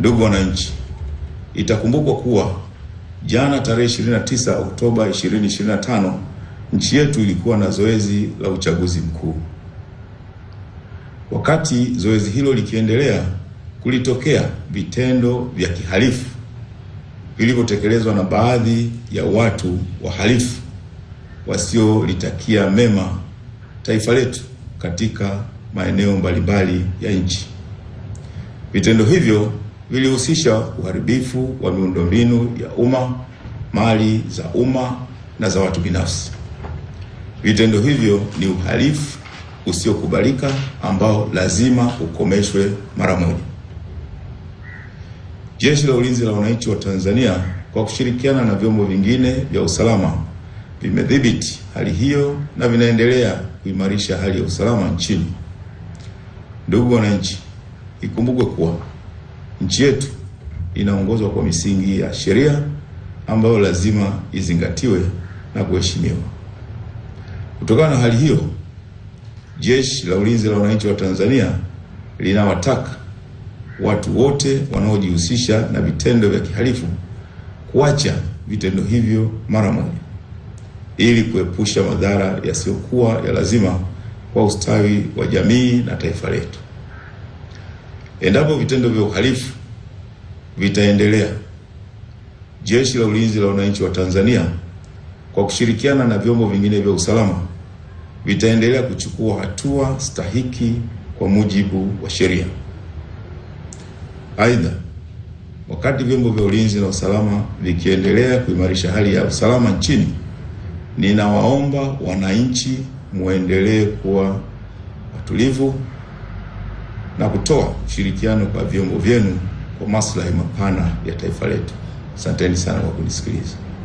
Ndugu wananchi, itakumbukwa kuwa jana tarehe 29 Oktoba 2025 nchi yetu ilikuwa na zoezi la uchaguzi mkuu. Wakati zoezi hilo likiendelea, kulitokea vitendo vya kihalifu vilivyotekelezwa na baadhi ya watu wahalifu wasiolitakia mema taifa letu katika maeneo mbalimbali ya nchi. Vitendo hivyo vilihusisha uharibifu wa miundombinu ya umma, mali za umma na za watu binafsi. Vitendo hivyo ni uhalifu usiokubalika ambao lazima ukomeshwe mara moja. Jeshi la Ulinzi la Wananchi wa Tanzania kwa kushirikiana na vyombo vingine vya usalama vimedhibiti hali hiyo na vinaendelea kuimarisha hali ya usalama nchini. Ndugu wananchi, ikumbukwe kuwa Nchi yetu inaongozwa kwa misingi ya sheria ambayo lazima izingatiwe na kuheshimiwa. Kutokana na hali hiyo, Jeshi la Ulinzi la Wananchi wa Tanzania linawataka watu wote wanaojihusisha na vitendo vya kihalifu kuacha vitendo hivyo mara moja ili kuepusha madhara yasiyokuwa ya lazima kwa ustawi wa jamii na taifa letu. Endapo vitendo vya uhalifu vitaendelea. Jeshi la Ulinzi la Wananchi wa Tanzania kwa kushirikiana na vyombo vingine vya usalama vitaendelea kuchukua hatua stahiki kwa mujibu wa sheria. Aidha, wakati vyombo vya ulinzi na usalama vikiendelea kuimarisha hali ya usalama nchini, ninawaomba wananchi muendelee kuwa watulivu na kutoa ushirikiano kwa vyombo vyenu kwa maslahi mapana ya taifa letu. Asanteni sana kwa kunisikiliza.